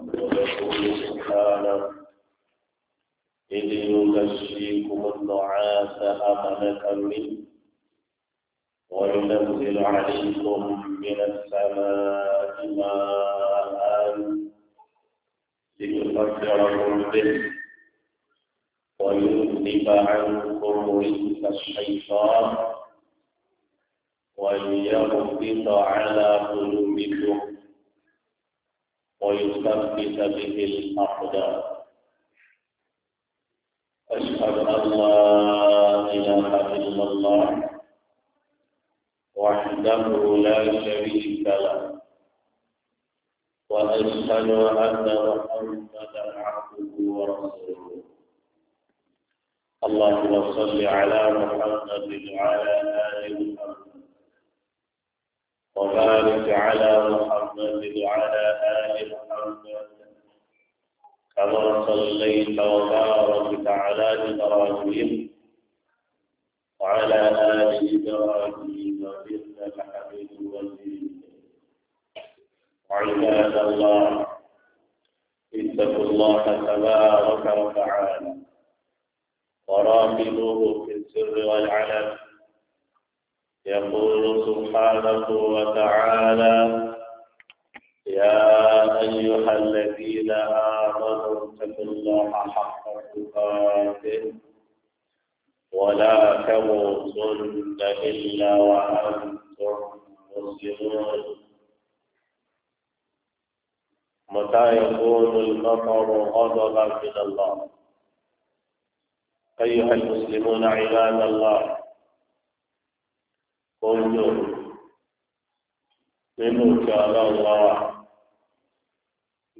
ويقول سبحانه إذ يغشيكم النعاس أمنة منه وينزل عليكم من السماء ماء ليطهركم به ويذهب عنكم رجس الشيطان وليربط على قلوبكم ويثبت به الأقدام أشهد أن لا إله إلا الله وحده لا شريك له وأشهد أن محمدا عبده ورسوله اللهم صل على محمد وعلى آل محمد وبارك على محمد وعلى كما صليت وباركت على إبراهيم وعلى آل إبراهيم إنك حميد مجيد وعباد الله اتقوا الله تبارك وتعالى وراقبوه في السر والعلن يقول سبحانه وتعالى يا أيها الذين آمنوا اتقوا الله حق تقاته ولا تموتن إلا وأنتم مسلمون متى يكون المطر غضبا من الله أيها المسلمون عباد الله كنتم منك على الله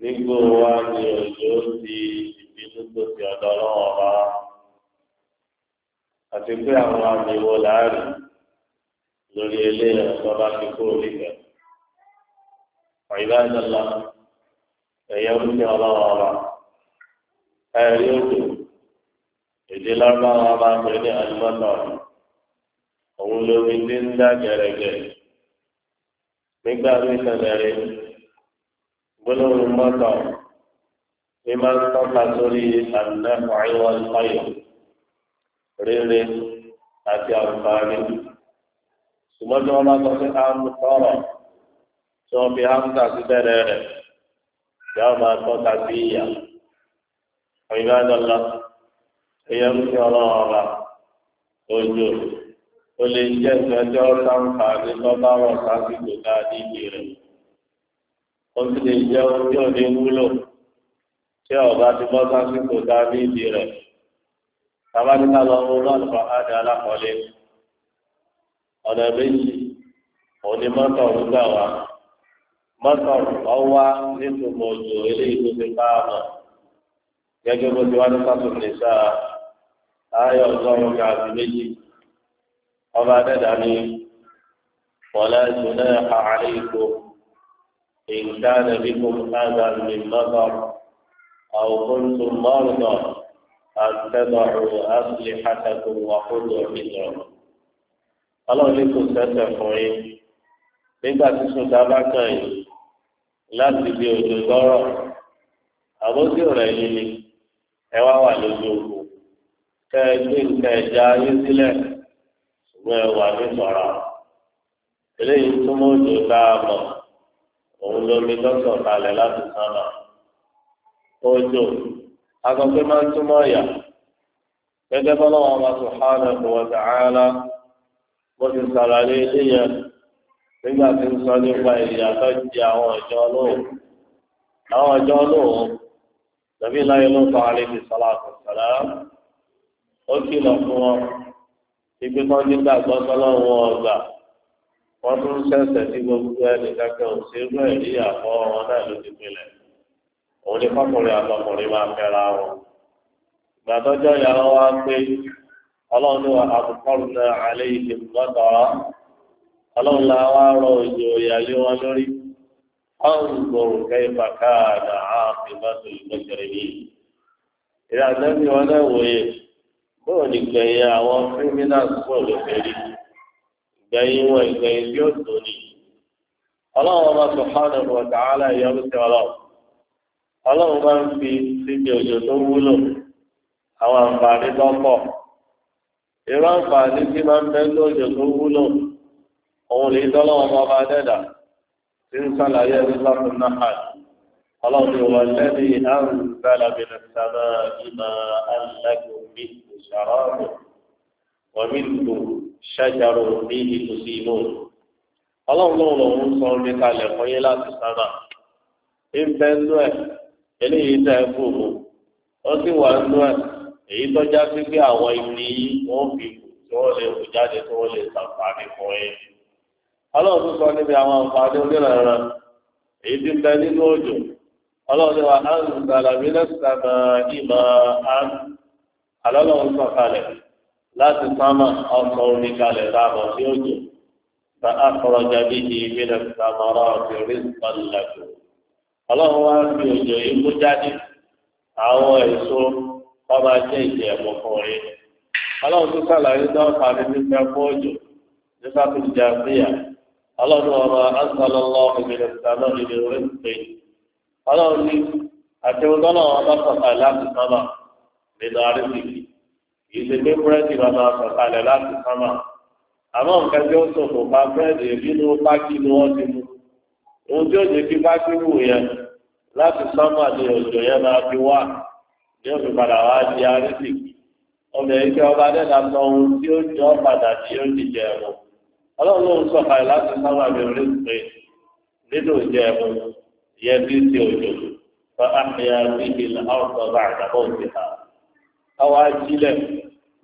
nígbò wa ni òjò ti ìbínú tó ti ọ̀dọ̀ ọlọ́wọ́ bá àti pé àwọn àmì láàrin lórí eléyà bá nígbà ẹ̀yẹ ń fi ọba ẹ̀rí òjò èdè lọ́gbàwọ́ bá pè ní àlùmọ́tò òun lómi ti ń dá gẹ̀rẹ́gẹ̀rẹ́ nígbà tó ń gbólóhùn mọ́tọ̀ ní máa ń tọ́ka sórí àdínàfọ̀ àìwọ́ ìfọyọ̀ rere àti àǹfààní. ṣùgbọ́n tí wọ́n bá sọ pé a ń tọrọ tí wọ́n fi hamza sí bẹ̀rẹ̀ rẹ̀ yà á máa tọ́ka sí ìyà. ọ̀yìnbá dọ́là èèyàn ń fi ọlọ́run ọba ojú o lè jẹ́ ìgbẹ́jọ́ sáǹfààní ìbí rẹ̀ ó sì lè jẹ́ ojú òní wúlò tí ọba ti bọ́ sásìkò dání ìdí rẹ̀ tabaníkà lọ mú lọ́nà kan áda alákọ̀ọ́lé ọ̀nà méjì òní mọ́tò ọ̀rún gbà wá mọ́tò ọ̀wá nítorí òjò eléyìí tó ti bá a gẹ́gẹ́ bó ti wá ní sásìkò nìṣá ayọ̀ ọgọ́rùn-ún kan àti méjì ọba adẹ́dàá ni wọ́n lẹ́sùn náà àárín ikú. إن كان بكم هذا من مطر أو كنتم مرضى أن تضعوا أسلحتكم وخذوا حذركم Ọlọ́run ní kò sẹ́sẹ̀ fún yín nígbà tí sùdá bá kàn yín láti bí ojú lọ́rọ̀ àbójú rẹ̀ yín ni ẹ wá wà lójú ogun kẹ ẹ gbé nǹkan ẹja yín sílẹ̀ ṣùgbọ́n ẹ wà ní eléyìí túmọ̀ ojú tá a mọ̀. òun lomi lọ́sọ̀ kalẹ̀ láti sánà ojú agbọ̀gbẹ́ máa ń túmọ̀ ọ̀yà gẹ́gẹ́ bọ́lá wọn bá subhanahu wa ta'ala bó ti sàlàyé eléyẹn nígbà tí ń sọ nípa di àwọn ọjọ́ lóhùn àwọn ọjọ́ lóhùn láyé ló tọ́ alẹ́ ti wọ́n tún ṣẹ̀ṣẹ̀ tí gbogbo ẹni kankan ò sí irú ẹ̀rí àpọ̀ wọn náà ló ti pinlẹ̀ òun ni fọkùnrin àtọkùnrin máa fẹ́ra wọn. ìgbà tọ́jọ́ wọn wá pé ní wa náà wá rọ òjò wọn lórí gbòòrò káàdà áàfin bá tó wọn náà wòye àwọn gbẹ̀yìn wọn ìgbẹ̀yìn tí ó tó ní. ọlọ́run ọba subhanahu wa ta'ala ìyọ́nú sí ọlọ́run. ọlọ́run máa ń fi síbi òjò tó wúlò àwọn àǹfààní tó pọ̀. irú àǹfààní tí máa ń bẹ lójò tó wúlò òun lè dọ́lọ́wọ́ ọba dẹ́dà tí ń sàlàyé ẹni lọ́kùn náà ọlọ́run wà lẹ́ni àǹsàlàbìnà sàmà ìmọ̀ àlẹ́kùn bí ìṣàrọ̀ wọ́n mi lò ṣájàrò bí ìtòsí inú ọlọ́run sọ orin kalẹ̀ fún yín láti sábà ń bẹ nú ẹ̀ eléyìí tẹ́ ẹ fún un ó sì wà nú ẹ̀ èyí tó já sí pé àwọn fi tí wọ́n lè jáde tí wọ́n lè ṣàǹfààní fún yín ọlọ́run tún sọ níbi láti sámà ọkọ̀ oníkalẹ̀ láàbọ̀ sí òjò ta akọrọjà bí i ìbílẹ̀ sàmọ́rọ́ ti rí ọlọ́run wá fi òjò yìí jáde àwọn èso ọba jẹ́ ìjẹ́ ẹ̀mọ́ fún ọlọ́run tó sàlàyé dọ́ọ̀fà ní fífẹ́ fún òjò ní ọlọ́run ọba ìbílẹ̀ ọlọ́run ní ìṣe pé búrẹ́dì máa máa sọ̀kalẹ̀ láti sámà àmọ́ nǹkan tí ó sòfò pa búrẹ́dì nínú pákí ni wọ́n ti mú ohun tí ó jẹ́ kí pákí wù yẹn láti sámà ni òjò yẹn máa fi wá ní òfin padà wá di arísìkì ọmọ yìí kí ọba dẹ́ta sọ ohun tí ó jọ padà tí ó ti jẹ ẹ̀mọ́ ọlọ́run ló ń sọ̀kalẹ̀ láti sámà mi ò pé nínú ìjẹ ẹ̀mọ́ yẹ bí ti òjò fún àfihàn bíbí ọ̀sán bá àdàbọ̀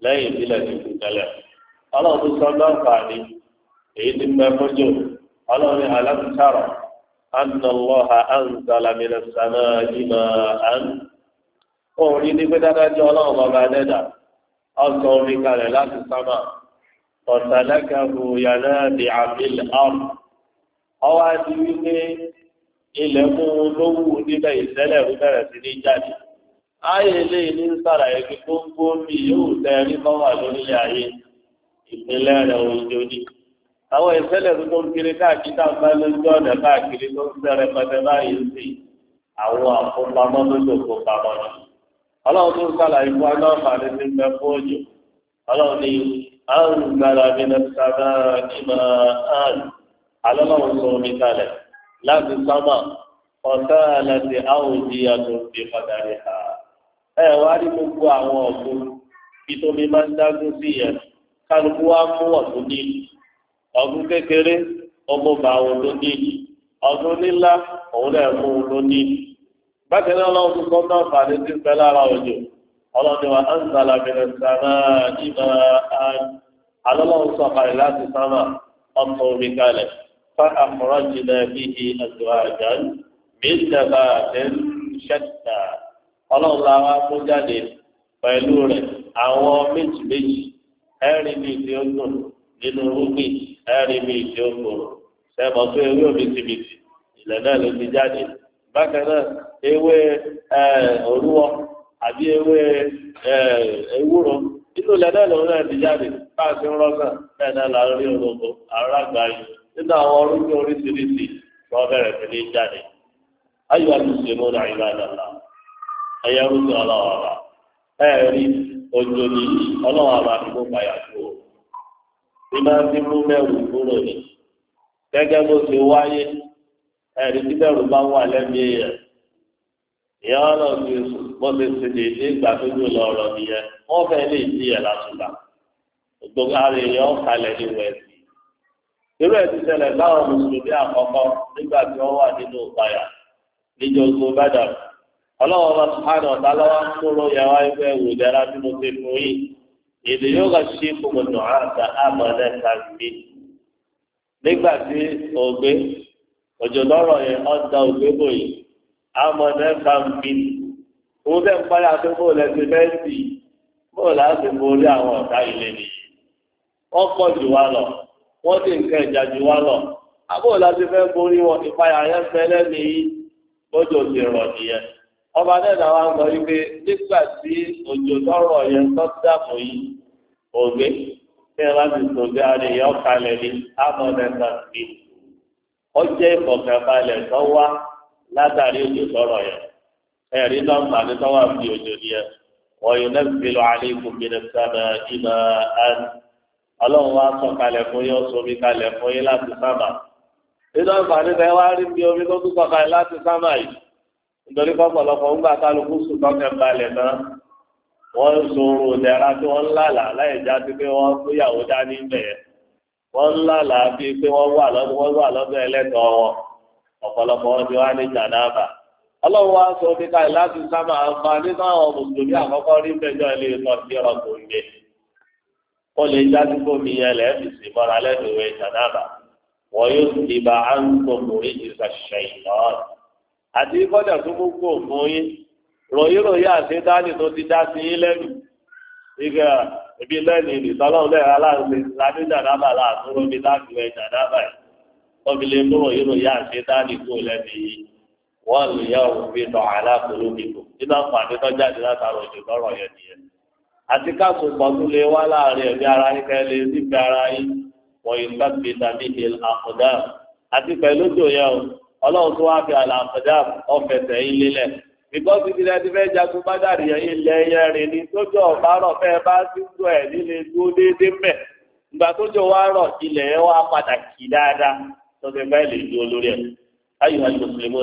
lẹ́yìn ìbílẹ̀ ti kú tẹ́lẹ̀ ọlọ́run tó sọ lọ́nfààní èyí ti pẹ́ fọ́jọ́ ọlọ́run ní alámùsàrọ̀ anàlọ́ha anzàlámìnà sàmà ìmọ̀ àn. òun ní pé dáadájú ọlọ́run bàbá dẹ́dà ọ̀sán omi kalẹ̀ láti sámà ọ̀sàlẹ́kẹ̀hù yàrá di àbílẹ̀ ọ̀rùn. ọwọ́ á ti ilẹ̀ mú lówù nílẹ̀ ìṣẹ̀lẹ̀ rú bẹ̀rẹ̀ sí ní jáde ayé ilé ilé ń sàlàyé pé gbogbo mi yóò tẹrí bá wà lórílẹ̀ ayé ìpínlẹ̀ rẹ̀ òjò ni. àwọn ìṣẹ̀lẹ̀ tó ń kiri káàkiri táwọn lójú ọ̀nà káàkiri tó ń sẹ̀rẹ̀ pẹ̀tẹ́ báyìí sí àwọn àkópamọ́ tó tó kópamọ́ ni. ọlọ́run tó ń sàlàyé fún aláǹfà ní ti fẹ́ fún òjò ọlọ́run ni àǹgbára mi lọ sábà ní máa ń alọ́lọ́run ẹ wá rí gbogbo àwọn ọ̀gbọ́n bí tómi máa ń dágún sí yẹn kálukú wá mú ọ̀gbọ́n ní ọ̀gbọ́n kékeré ọmọ bá òun ló ní ọ̀gbọ́n nílá òun náà mú òun ló ní. bákan náà lọ́wọ́ tuntun náà fàdé sí pẹ́ lára òjò ọlọ́dún wa ń bẹ̀rẹ̀ sàmà ìmọ̀ alọ́lọ́wọ́ sọ̀kalẹ̀ láti sàmà ọkọ̀ omi kalẹ̀ fa àkùrọ̀ jìnnà bíi àjọ àjà mí ọlọ́run la wá kó jáde pẹ̀lú rẹ̀ àwọn méjì méjì ẹ̀rí mi ti ó nínú rúgbìn ẹ̀rí mi ti ó kòrò sẹ́mọ̀ ewé òbítíbitì ilẹ̀ náà ló ti jáde bákan náà ewé òrúwọ àbí ewé ewúro inú ilẹ̀ náà lòun náà ti jáde rọ́gàn bẹ́ẹ̀ náà la rí ẹ̀yẹ rúdú ọlọ́wọ́ ọba ẹ̀rí ojú ni ọlọ́wọ́ máa fi mú kúrò ní gẹ́gẹ́ bó ti wáyé ẹ̀rí tí bẹ̀rù bá wà ìyá ti ìgbà tó lọ ọ̀rọ̀ nìyẹn wọ́n fẹ́ lè di ẹ̀ lásùgbà gbogbo ara èèyàn kalẹ̀ ní wẹ̀sì irú ẹ̀ ṣẹlẹ̀ mùsùlùmí àkọ́kọ́ nígbà tí wọ́n wà nínú ìpayà ọlọ́wọ́ bá sùpáàdì ọ̀tá lọ́wọ́ kúrò yàrá ẹgbẹ́ ìwò ìdára bí mo ti fún yìí èdè yóò kà sí gbogbo dùn àgbà àmọ́lẹ̀ kàgbé nígbà tí ògbé òjò lọ́rọ̀ yẹn ọ̀dà ògbé bò yìí àmọ́lẹ̀ kàgbé òun bẹ́ẹ̀ ń parí àtúbò lẹ́sìn mẹ́sì bóò láti borí àwọn ọ̀tá ilé nìyí wọ́n pọ̀ jù wá lọ wọ́n sì ń kẹ́ ìjà jù wá lọ àbóò láti fẹ́ borí wọn ìpayà yẹn fẹ́ lẹ́nu yìí bójú rọ̀ nìyẹn ọba dẹ́dà wa ń sọ wípé nígbà tí òjò lọ́rọ̀ yẹn tó dàpọ̀ yìí ògbé tí ẹ bá ti sògbé ara èèyàn kalẹ̀ ní amọ̀dẹ́sà sí ó jẹ́ ìfọ̀kànbalẹ̀ tó wá látàrí òjò lọ́rọ̀ yẹn ẹ̀rí nọ́mbà ní tọ́wọ́ àti òjò nìyẹn wọ́n yóò nẹ́sìlẹ̀ alẹ́ ọlọ́run wa sọ kalẹ̀ fún yín ọ̀sọ̀ mi kalẹ̀ fún yín láti sábà nínú àǹfààní tẹ́ wá rí bí omi tó tún sọ kalẹ̀ láti sábà yìí. nítorí pọ̀pọ̀lọpọ̀ ń gbà kálukú sùn tọ́kẹ́ náà wọ́n ń sọ̀rọ̀ dẹ́ra tí wọ́n lálà láì wọ́n fúyàwó wọ́n lálà bíi pé wọ́n wà lọ́dún ẹlẹ́tọ̀ọ́ wọn ọ̀pọ̀lọpọ̀ wọn ti wá ní jàdáàbà ọlọ́run wá sọ bí káyọ̀ láti sábà fa nínú àwọn mùsùlùmí àkọ́kọ́ rí bẹjọ́ ilé ìtọ́ sí ọ̀rọ̀ tó ń lè já àti kọ́jà tó gbogbo òfin yín ròyìnròyìn àti dání tó ti dá sí yín lẹ́nu ìgbà ibi lẹ́nu ìdìtọ́lọ́run lẹ́yìn aláàbẹ̀ láti dàdábà láàtún lóbi láti wẹ̀ lè mú àti kó lẹ́nu yìí wọ́n lè òun fi tọ̀ nínú jáde látara òjò lọ́rọ̀ yẹn nìyẹn àti káàkó lè wá láàrin ẹ̀mí ara yín ọlọ́run tó wá fi ti fẹ́ jagun rẹ̀ ni fẹ́ bá dúdú ẹ̀ nílé déédéé mẹ́ ìgbà wa rọ̀ ilẹ̀ ẹ̀ wá padà kì dáadáa tó ti bá ilé dúró lórí ẹ̀ ayé wa mùsùlùmí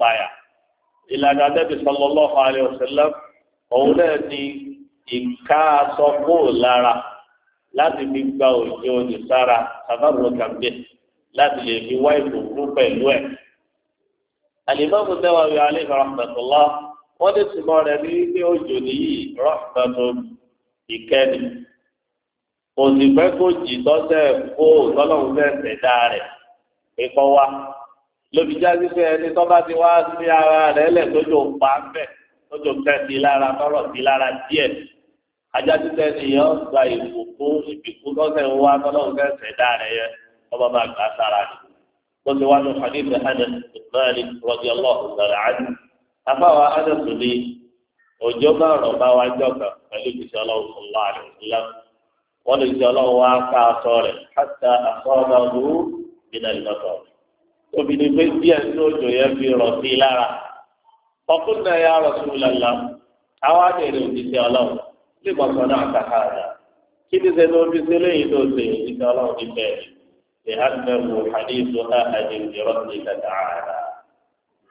rà ìlànà Ànábì sallallahu alaihi wasallam òun náà ni ìka aṣọ kó lára láti fi gba òjò òjò sára sábàbọ̀ kàmbé láti lè fi wá ìbùkún pẹ̀lú ẹ̀. Al-Imam Nawawi alayhi rahmatullah wọ́n ti túmọ̀ rẹ̀ ní ilé òjò nìyí rọ́pẹ̀tò ìkẹ́ni. Òsìfẹ́ kò jì tọ́sẹ̀ kó tọ́lọ́hún fẹ́ fẹ́ rẹ̀ pípọ́ wá lóbi jáde pé ẹni tó bá ti wá sí ara rẹ̀ lẹ̀ tójú pa ń bẹ̀ tójú kẹ́sì lára tọrọ sí lára díẹ̀ ajá títẹ nìyẹn gba ìbùkú ìbìkú lọ́sẹ̀ wá tọ́lọ́run kẹsẹ̀ dá rẹ̀ yẹ ọba máa gbà sára rẹ̀ bó ti wá ní hadith Anas mẹ́rin rọ́bì ọlọ́run sọ̀rọ̀ àdé afáwa Anas ní òjò bá rọ̀ bá wá jọ̀kà pẹ̀lú ìṣẹ́ ọlọ́run sọ̀rọ̀ àdé ìlà wọ́n lè ṣe ọlọ́run wá ká aṣọ rẹ̀ hàtà aṣọ ọ̀gá ọdún nínú ìlọ́tọ̀ọ̀ obìnrin pé díẹ̀ ní òjò yẹn fi rọ̀ sí i lára ọkùnrin náà yà rọ̀ sùn lálá àwọn àdéhùn òjíṣẹ́ ọlọ́run lè mọ̀ sọ́nà àkàkà àdá kí ni sẹ́ni ó fi sílé yìí tó ṣe òjíṣẹ́ ọlọ́run ní bẹ́ẹ̀ lè á fẹ́ wò hadithu ahadi ìrọ́sì tààrà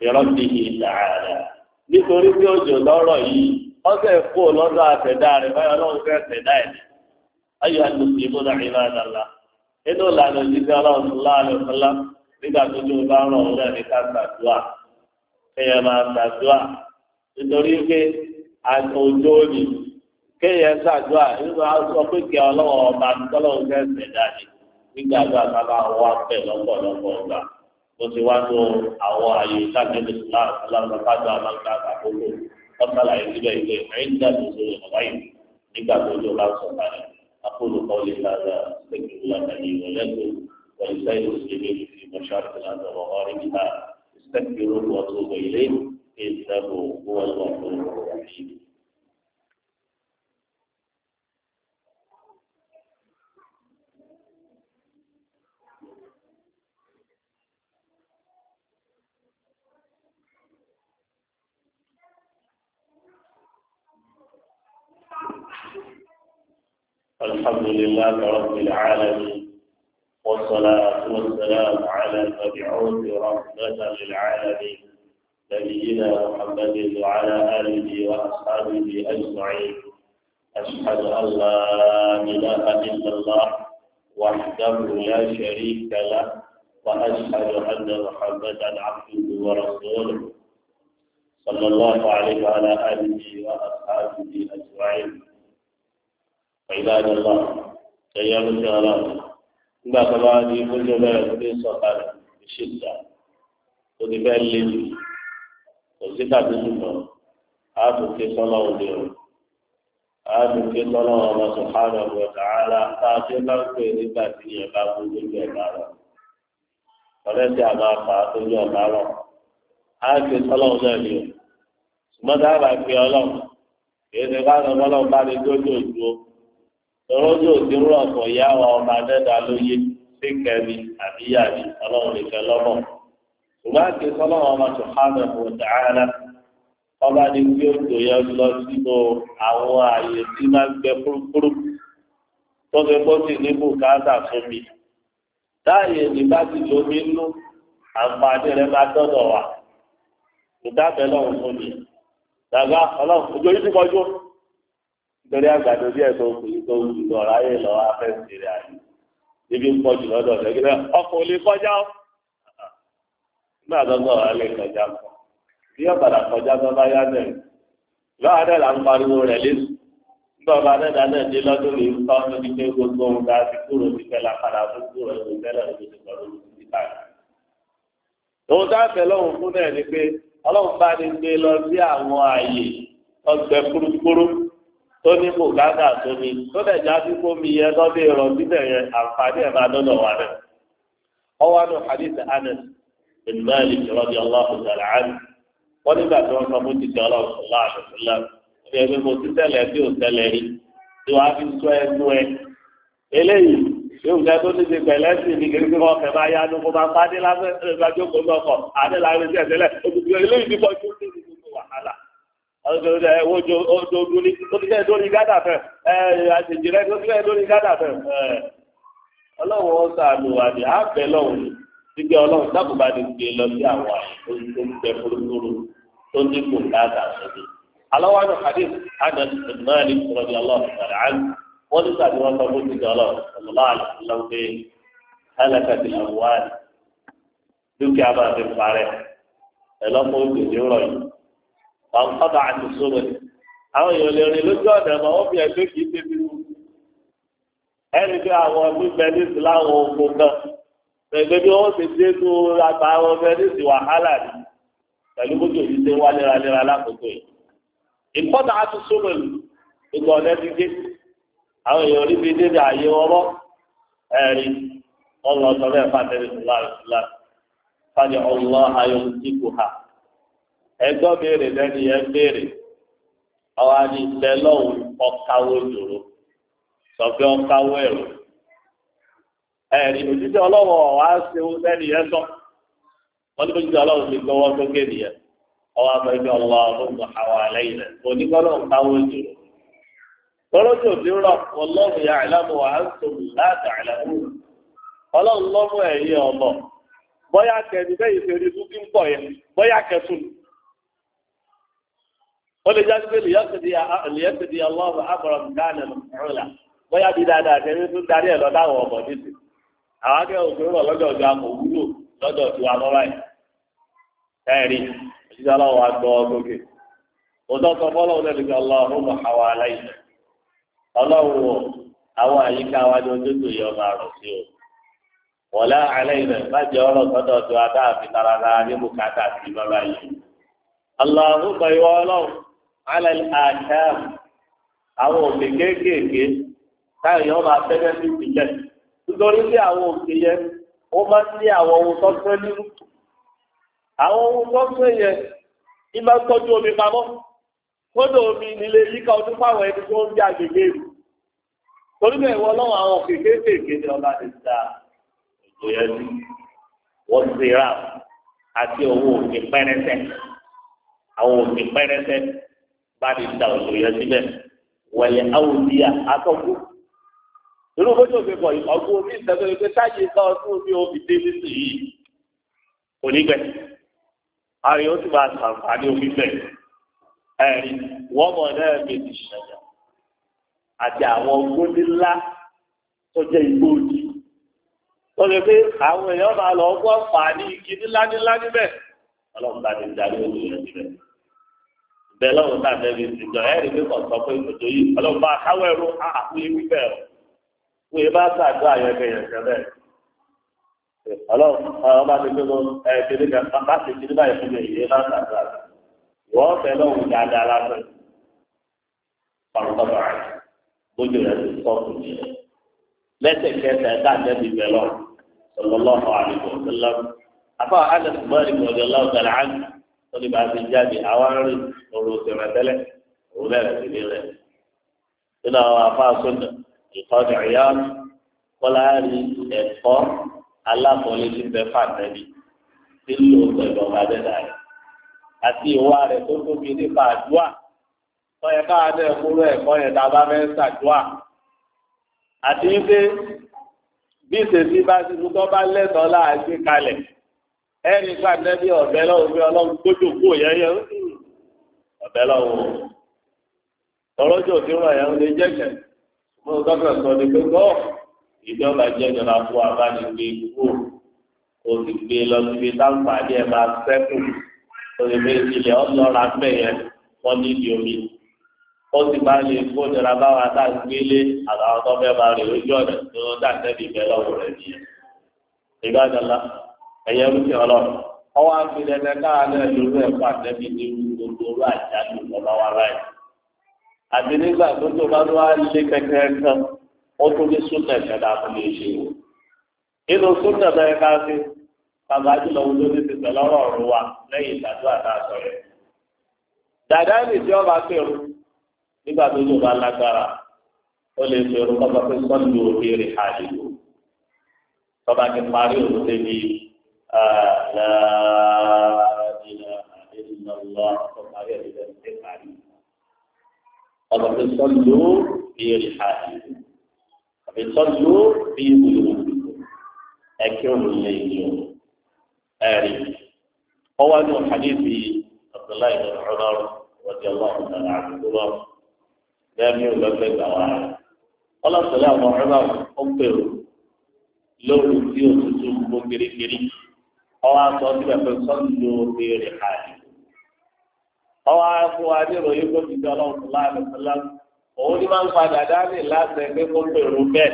ìrọ́sì tààrà nítorí pé òjò lọ́rọ̀ yìí ọ̀sẹ̀ kú lọ́dọ̀ àtẹ̀dá rẹ̀ báyọ̀ ọlọ́run fẹ́ tẹ̀dá ẹ̀ ayọ̀ àti mùsùlùmí náà ìlànà nígbà tó tó bá ràn ọ́ náà ní ká ṣàdúrà kéèyàn máa ṣàdúrà nítorí pé òjò ni kéèyàn ṣàdúrà nígbà sọ pé kí ọlọ́wọ́ ọba tọ́lọ́wọ́ fẹ́ ṣẹ̀dá ni nígbà tó àtàbà wà pẹ̀ lọ́pọ̀lọpọ̀ ọgbà tó ti wá tó àwọn àyè sábẹ́ni islam alábàbàdàn alága àkókò ọ̀sálà ìdílé ìwé ẹ̀yìndà tó ṣe ọ̀báyé nígbà tó tó bá sọ̀kalẹ̀ akóló kọ́lé lára ṣèkìlá tàbí ìwọlẹ́gbẹ̀ẹ́. ولسائر المسلمين في مشارق الأرض ومغاربها استكبروا وأتوب إليه إنه هو الغفور الرحيم الحمد لله رب العالمين والصلاة والسلام على المبعوث رحمة للعالمين نبينا محمد وعلى آله وأصحابه أجمعين أشهد أن لا إله إلا الله وحده لا شريك له وأشهد أن محمدا عبده ورسوله صلى الله عليه وعلى آله وأصحابه أجمعين عباد الله تيام الله nígbà tó bá di ojú bẹ̀rẹ̀ tó dé sọ̀tà rẹ̀ ṣe ìjà tó ti fẹ́ lé jù kò sí tàbí jùlọ àtúnké sọ́nà òde o àtúnké sọ́nà ọmọ sọ̀hánà ọmọ tààlà tá a ti bá ń pè nígbà tí yẹn bá gbójú ẹ̀ bá rọ̀ ọ̀rẹ́ tí a máa fà á tó yọ̀ bá rọ̀ àtúnké òde ni o ṣùgbọ́n tá a ọlọ́run kì ká sọ fọlọ́run bá ní gbójú òjò o tọ́lọ́jú òdi ń rọ̀ kọ̀ yá wa ọmọ adẹ́dá lóye sí kẹ́mi àbí yàrá ọlọ́run nìkan lọ́mọ. ṣùgbọ́n àti sọ́lọ́run ọmọ sùhánù ọ̀dà ara ọba ní kí ó tó yẹ lọ sínú àwọn ààyè tí máa ń gbẹ kúrúkúrú tó fi kó sì ní bùkátà fún mi. táàyè ní bá ti lómi nú àǹfààní rẹ máa tọ́dọ̀ wá. ìdábẹ́ lọ́run fún mi. dàgbà ọlọ́run ojú ojú ti kọjú nítorí àgbàdo díẹ̀ tó kù tó kù tó ọ̀rọ̀ ayé lọ afẹ́ ìṣeré ayé ibi ń pọ̀ jù lọ́dọ̀ lẹ́gbẹ̀rẹ́ ọkọ̀ ò lè kọjá ó nígbà tó ń bọ̀ ọ̀rọ̀ lè kọjá kọ́ bí ọ̀padà kọjá tó bá yá bẹ̀rẹ̀ lọ́wọ́ adé là ń pariwo rẹ̀ lẹ́sù nígbà ọba adẹ́dá náà dé lọ́dún lè ń tọ́ ní pé gbogbo ohun tá a ti kúrò ti fẹ́ la padà fún kúrò ìlú tẹ́lẹ̀ ló ti pọ̀ lórí ti báyìí. òun tá a fẹ́ lọ́hùn fún náà ni pé ọlọ́run bá ní gbé lọ sí àwọn ààyè ọgbẹ́ kúrúkúrú tó ní bùkátà tó ní tó dẹ̀ já sí kó mi yẹ lọ́dẹ ìrọ̀ síbẹ̀ yẹn àǹfààní ẹ̀ máa dọ́dọ̀ wà rẹ̀. ọwọ́ nù hadith Anas bin Malik radiyallahu ta'ala anhu wọ́n nígbà tí wọ́n sọ fún títí ọlọ́run sọ̀lá àṣọ̀lá ní ẹgbẹ́ mo ti tẹ́lẹ̀ bí ò tẹ́lẹ̀ rí tí wàá fi sọ ẹnu ẹ. eléyìí yóò jẹ́ tó ti di pẹ̀lẹ́ sí ní kékeré wọn kẹ̀ máa yá lóko máa pàdé lásán ẹgbẹ́ àjókòó ọdọdọ ẹ wojo ọdọdún ní tó ti fẹ́ dórí gádà fẹ́ ẹ àṣejì rẹ tó ti fẹ́ dórí gádà fẹ́ ẹ ọlọ́run ó sàánú wa ni àbẹ̀ lọ́hùn ni gbígbé ọlọ́run dákùnbá ni gbé lọ sí àwọn àyè tó ń bẹ fúrufúru tó ní kò dáadáa sọ́dọ̀. aláwa ní hadith anas mali rọ̀bì ọlọ́run sọ̀rọ̀ àánú wọ́n ní sàbí wọn sọ fún ti dọ̀lọ́ ọ̀lọ́lá àlùfáà pé alákàtì àwọn wáàdì ní rọ̀ ọ̀nkọ́dà àti sóbẹ̀. Àwọn èèyàn lè rìn lójú ọ̀nà ẹ̀mọ́ ó fi ẹgbẹ́ kìí ṣe bí wù. Ẹni pé àwọn gbígbẹ níìsì láwọn oko kan. Ẹgbẹ́ bí wọ́n ti dé tó àgbà àwọn ọmọ níìsì wàhálà ni. ẹgbọ́n béèrè lẹ́nu yẹn béèrè ọwọ́ ni ìfẹ́ ẹ̀rọ ẹ̀rí òjijì ọlọ́wọ́ ọ̀wá lẹ́nu yẹn sọ wọ́n ní òjijì ọlọ́wọ́ ti gbọ́wọ́ sókè nìyẹn ọwọ́ àbọ̀ ọlọ́wọ́ ọlọ́wọ́ àwọn àlẹ́yìn rẹ̀ onígbọ́lọ́ òbí ọlọ́run yà láti ọlọ́run lọ́mú ó lè jáde pé lèyẹ́sìdì ọlọ́run abọ̀rọ̀ gánà lọ́la bóyá bí dáadáa tẹ́lẹ̀ tó darí ẹ̀ lọ́dọ̀ ọmọ nísì àwọn akẹ́kọ̀ọ́ òṣèré rọ̀ ọjọ́ àmọ̀ òwúlò lọ́dọ̀ tó wà lọ́wọ́ ẹ̀ ẹ̀rí òṣìṣẹ́ àgbọ̀ ọlọ́run mọ̀ àwọn ọlọ́run àwọn àyíká o alẹ́ àṣàm àwọn òkè kéékèèké táyọ̀ yọ máa tẹ́lẹ̀ sí ìpìlẹ̀ nítorí pé àwọn òkè yẹn ó máa ń ní àwọn ohun tó tẹ́ nínú àwọn ohun tó tẹ́ yẹn ní máa ń tọ́jú omi pamọ́ kódò omi nílé yíká ọdún fáwọn ẹni tó ń bí agbègbè rù torí bẹ́ẹ̀ wọ́n lọ́wọ́ àwọn òkè kéékèèké ni ọba ti ètò yẹn sí wọ́n ti rà àti owó òkè pẹ́rẹsẹ̀ àwọn òkè pẹ́rẹsẹ̀ bá ti da òjò yẹn síbẹ̀ wẹ̀lẹ̀ awùdíyà atọ́kù. irú bójú òfin kọ̀ ọgbọ́n omi ìtẹ́tọ́ ìpè táyé ká ọdún omi omi dé nísì yìí kò ní gbẹ. ààrẹ ó sì máa ṣàǹfààní omi bẹ̀. ẹ̀rí wọ́n mọ̀ náà méjì ṣẹ̀yà àti àwọn gbóni ńlá tó jẹ́ igbó òjì. ó lè pé àwọn èèyàn máa lọ gbọ́ fàání igi ńlá ọlọ́run bá ti darí ojú rẹ̀ bẹ́ẹ̀ lọ́wọ́ tá ìjọ ẹ̀ rí sọ pé yìí ọlọ́run bá káwọ́ ẹ̀rọ wípẹ́ ọ̀ bá sàdó àyẹ̀kẹ́ yẹn ti gbé kéde bá ti báyìí fún mi ìyẹn bá sàdó wọ́n fẹ́ lọ́wọ́ dáadáa lásán bójú rẹ̀ lórí bá ti jáde àwa ń rìn lóru tẹ̀mẹ̀ tẹ́lẹ̀ òun bẹ̀rẹ̀ sí ní rẹ̀. nínú àwọn afáàsọ́nà ìtọ́jú ìyá kọ́lá rí ẹ̀kọ́ alákọ̀ọ́lé ti bẹ fàtẹ́bí tí ń lò pẹ̀lú ọba dẹ́dà rẹ̀ àti ìwà rẹ̀ tó tóbi nípa àdúà tọ́yẹ káà náà kúrò ẹ̀kọ́ yẹn tá a bá fẹ́ ṣàdúà àti wípé bí ìṣèṣí bá ti dúkọ́ bá lẹ́tọ̀ọ́ láàgbé kalẹ̀ ẹni gba nẹbi ọbẹ lọ́wọ́ bí Ọlọ́run gbójú kú yẹyẹ ọbẹ lọ́wọ́ ọlọjọ tí wọn yà ń lè jẹjẹ mo ń dọkítà sọ ní pé gbọ ìjọba jẹjọ la fún abánigbé kú o ti gbé lọ síbi táǹfààní ẹ máa ṣẹ́kù o lè fi ilẹ̀ ọlọ́ra mẹ́yẹ wọ́n ní ìdí omi ó sì máa lè kó nira báwa tá a gbélé àtàwọn tó fẹ́ máa rè lójú ọ̀nà tó dá nẹ́bi bẹ́ẹ̀ lọ́wọ́ rẹ̀ nìyẹn ìgbàdàn láti ẹ̀yẹ wíṣẹ́ ọlọ́run ọwọ́ agbèlè ẹ̀ka káàlẹ́ lórí ẹ̀kọ́ àtẹ́bí ní gbogbo orú àjálù lọ́ba wa báyìí. àti nígbà tó tó bá tó wá lé kẹ̀kẹ́ kan ó tún ní súnà ìṣẹ̀dá tó lè ṣe o. inú súnà bẹ́ẹ̀ ká sí bàbá jùlọ wo ló ní ti tẹ̀lé ọ̀rọ̀ ọ̀rọ̀ wa lẹ́yìn ìdádúrà tá a sọ yẹn. dàdá ní tí ọba pèrú nígbà tó tó bá lágbára ó lè pèrú kọ́ bá fẹ́ sọ́ọ̀lù òkèèrè àdìgbò tọ́ba ti لا إله إلا الله فقال إذا انتقالي فبتصلوا في رحالكم فبتصلوا في بيوتكم أكرم الليل آري هو أنه حديث عبد الله بن عمر رضي الله تعالى عنهما لم يغلق الدواعي قال صلى الله عليه وسلم أمر لو يوسف مبركري ọwọ́ aṣọ síbẹ̀ pé sọ́ńdò béèrè hàlì. ọwọ́ akó adéró yìí kó fìdí ọlọ́run láàrin fúlá òun ni máa ń padà dání láti ẹgbẹ́ kó pèrò bẹ́ẹ̀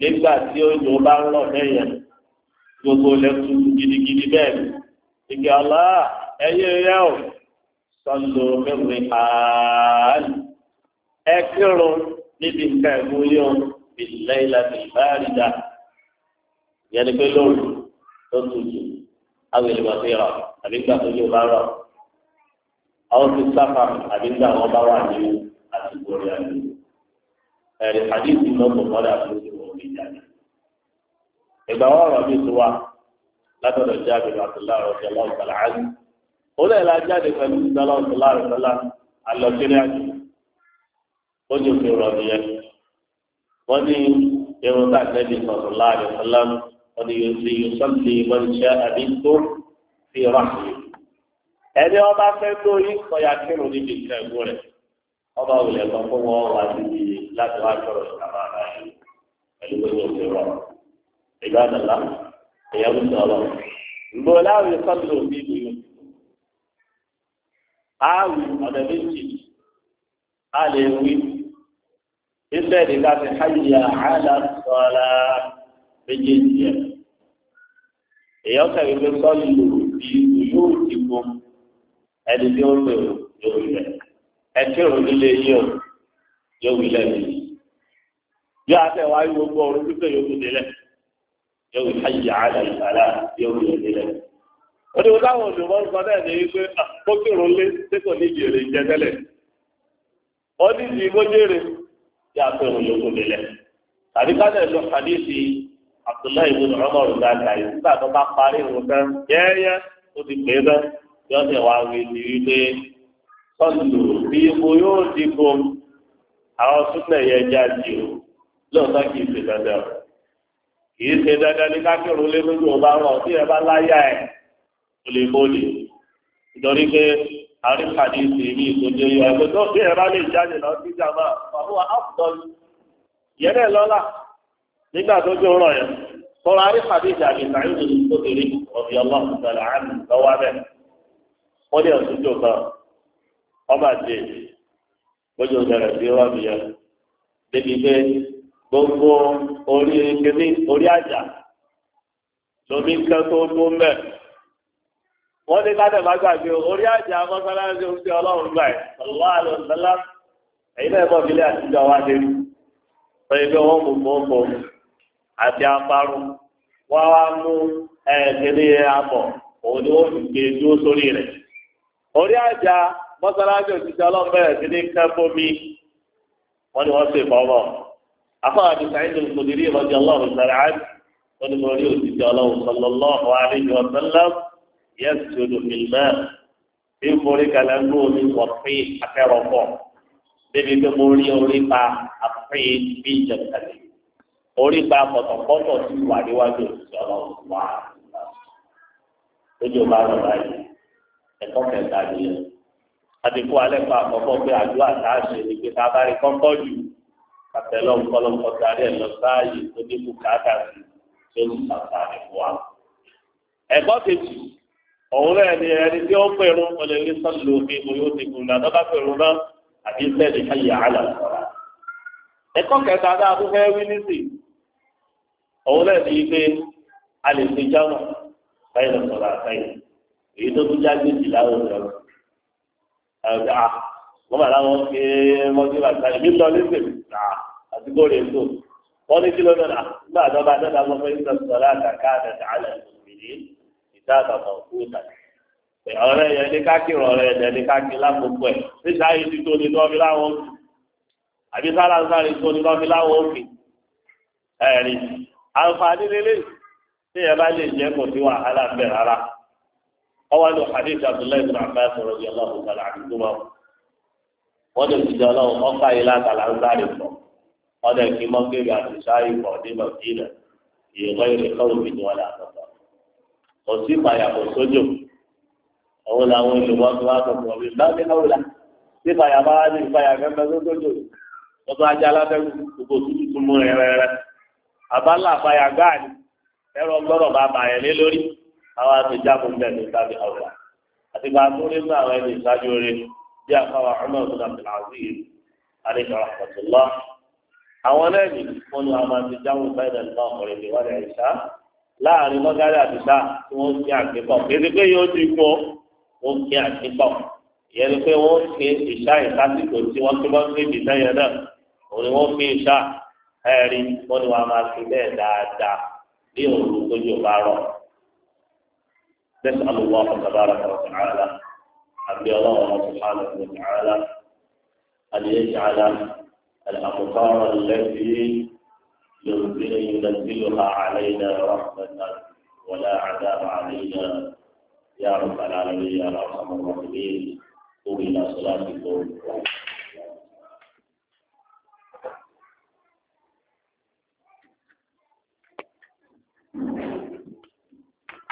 nígbà tí òjò bá ń lọ bẹ́yẹn gbogbo lẹ́kùn gidigidi bẹ́ẹ̀ ni ìgbà ọ̀la ẹyẹ rẹ o sọ́ńdò béèrè hàlì. ẹ kírun níbi nǹkan ẹ̀mú yóò bìlẹ̀ ìlànà ìbáàrídà yẹn ni pé lóru tó tutù àwọn èlùbọ̀ ti rọ̀ àbí gbà tó yóò bá rọ̀ àwọn ti sáfà àbí gbà wọn bá wà ní àsìkò rẹ̀ àbí ẹ̀rí àdìsí lọ́pọ̀ mọ́lá tó ti wọ̀ ní ìjà ìgbà wọn rọ̀ bí tó wà látọ̀dọ̀ jáde àtúlá ọ̀sẹ̀ lọ́sọ̀lá àjù ó lè la jáde pẹ̀lú ìdálọ́ ọ̀sọ̀lá ọ̀sọ̀lá àlọ́kiri àjù ó jò fi rọ̀ nìyẹn wọ́n ní irun tá àtẹ́bí sọ̀tọ̀lá ọ̀sọ̀lá وليصلي من شاء منكم في رحمه ẹni ọba fẹ́ tó yí kọyà kírun níbi nǹkan ẹ̀gbọ́n rẹ̀ ọba òlẹ̀ kan fún wọn wá síbi láti wá sọ̀rọ̀ ìjàmbá ara yìí pẹ̀lú pé wọ́n ti rọ̀ ìgbà àdàlá ẹ̀yà ń sọ ọlọ́ ǹgbọ́ láwùjọ sọ́dọ̀ òbí mi yóò àwì ọ̀nà méjì a lè wí iṣẹ́ ìdíkà ti háyà àlà sọ́ọ́lá méjèèjì ẹ̀. èèyàn kẹrin ló sọ lù bí yóò ti gbó ẹni tí ó lò yóò wí lẹ ẹtí òun nílé yìí o yóò wí lẹ mi bí a fẹ wáyé gbogbo ọrùn pípé yóò wí lẹ yóò wí hajj ala ìsàlá yóò wí lẹ ó ní wọn láwọn olùmọ̀ ń sọ náà ní wípé àkókèrò ah, lé tí kò ní jèrè jẹ tẹ́lẹ̀ ó ní ti kó jèrè tí a fẹ òun yóò wí lẹ tàbí ká lè lọ kàdé sí i. Abdullahi ibùdó ọmọrùn ta ta yìí nígbà tó bá parí ìrùn tán yẹ́yẹ́ ó ti pè é tán yọ ọ́ sì wá wí ní wípé sọ́ọ̀lù bí mo yóò dìbò àwọn súnlẹ̀ yẹn já jì ó lóòótọ́ kì í ṣe dandan kì í ṣe dandan ní kákìrún lé lójú ọba rọ tí ẹ bá láyà ẹ kò lè bọ́ọ̀lì nítorí pé àríkàdé ti ní ìkójọ yọ ẹgbẹ́ tó bí ẹ bá lè jáde lọ sí jàmbá àwọn nígbà tó jó rọ̀ yẹn tọ́lá rí hadith àbí sàyìn tó tó tèrè ọ̀bí ọlọ́run sọ̀rọ̀ àmì lọ́wọ́ abẹ́ wọ́n dé ọ̀tún jò kan ọba dé gbọ́dọ̀ bẹ̀rẹ̀ sí rọ́ọ̀bì yẹn débi pé gbogbo orí kébí orí àjà lómi kan tó tó mẹ́ wọ́n ní ká tẹ̀lé gbàgbé orí àjà mọ́sálásí oúnjẹ ọlọ́run gbà ẹ̀ ọ̀lá àlọ́ ẹ̀yin náà mọ̀ àti apárun wọ́n wá mú ẹ̀ẹ́dẹ́gbẹ̀rẹ́ abọ̀ òun ni wọ́n fi gbé e dúró sórí rẹ̀. orí àjà mọ́sálásí òṣìṣẹ́ ọlọ́mọbẹ̀rẹ̀ sí ní kẹ́fọ́mí wọ́n ni wọ́n ṣe ìfọwọ́. afọ́nà ti sàyẹ́ńdì olùkọ́dìrí ìrọ̀jì ọlọ́run sàrẹ́ àti wọ́n ni wọ́n rí òṣìṣẹ́ ọlọ́run sallallahu alaihi wa sallam yasjudu fil ma' bí forí kalẹ̀ ń lóomi wọ̀ pé akẹ́rọ̀ pọ̀ débi pé mo rí orí pa àpè bí ìjọba tàbí orípa pọ̀tọ̀pọ̀tọ̀ sí wà níwájú òṣìṣẹ́ ọlọ́run wà lójú ọba lọ báyìí ẹ̀kọ́ kẹta ni ẹ àdínkù alẹ́ pa àkọ́kọ́ pé àdúrà tá a ṣe ni pé tá a bá rí kọ́kọ́ jù àtẹlọ́ ńkọ́lọ́ńkọ́ sáré ẹ̀ lọ sáàyè tó dínkù káàkà sí tó ń sàkà rẹ̀ fún wa. ẹ̀kọ́ kejì òun náà ni ẹni tí ó pèrún olè rí sọ́ọ̀lù omi mo yóò ti gùn lànà bá pèrún náà àbí sẹ́ẹ̀dì káyà á lọ sọ̀rọ̀. kẹta dáa tó fẹ́ wí nísìnyí òun náà ti pé a báyìí lọ àtàyè èyí tó tún jáde jì láwọn wọ́n bá láwọn ṣe lọ ní àti wọ́n ní kí ló dọ̀dà nígbà tó bá dọ̀dà sọ sọ̀rọ̀ àtàkà àtàkà àlẹ́ ìrìn ìta ọ̀rẹ́ yẹn ní ọ̀rẹ́ yẹn ní ẹ̀ yìí ti tó fi láwọn òkè àbí sára tó àǹfààní lélẹ̀ tí ẹ bá lè jẹ́ kò sí wàhálà bẹ̀ rárá ọwọ́ ló hadith abdullahi ibn abbas radiyallahu ta'ala anhuma wọ́n lè ọkọ̀ yìí látàlá ń sáré pọ̀ àti sáré pọ̀ ní ni wọ́n lè àtọ̀tọ̀ kò sí sójò làwọn olùwọ́ tó wá ní sójò tó ajá alábẹ́rù gbogbo mú rẹ̀ rẹ̀ rẹ̀. àbálà àbáyà gáà ni ẹ̀rọ gbọ́dọ̀ bá bàyẹ̀ lé lórí àwọn àtijọ́ àbúgbẹ̀ ní sábẹ́ ọ̀gá àti bá a múlẹ̀ ní àwọn ẹni ìsájú rẹ̀ bí àfáwà ọmọ ọ̀gbọ́n àti àwùjọ àlejò àpàtúlọ́ àwọn lẹ́yìn wọn ni àwọn àtijọ́ àbúgbẹ̀ náà ọ̀rẹ́ mi wọ́n rẹ̀ ṣá láàrin mọ́gárì àtijọ́ tí wọ́n fi àgbẹ̀pọ̀ kéde pé yóò ti kú wọ́n fi àgbẹ̀pọ̀ ìyẹn ni pé wọ́n fi ìṣá ìsásìkò tí wọ́n fi wọ́n fi ìdíjẹ́ yẹn náà òun wọ́n fi ìṣá ẹ̀rí wọ́n ní wọ́n máa fi bẹ́ẹ̀ dáadáa bí òru tó bá rọ̀. Bẹ́sẹ̀ àlùwọ́ àfọ̀sàbára kan sàárà àbí ọlọ́run ọ̀sùnmáàlù kan sàárà àdìyẹ sàárà àlàkùkọ́rọ̀ lẹ́bí lòdì yunifílùhà àlẹ́yìnà rọ̀fẹ̀tà wọlé àdáàbà àlẹ́yìnà yàrá balàlẹ́ yàrá ọ̀sán mọ̀mọ́tò ní orí ìlàsọ́lá ti kọ́ ọ̀rọ̀.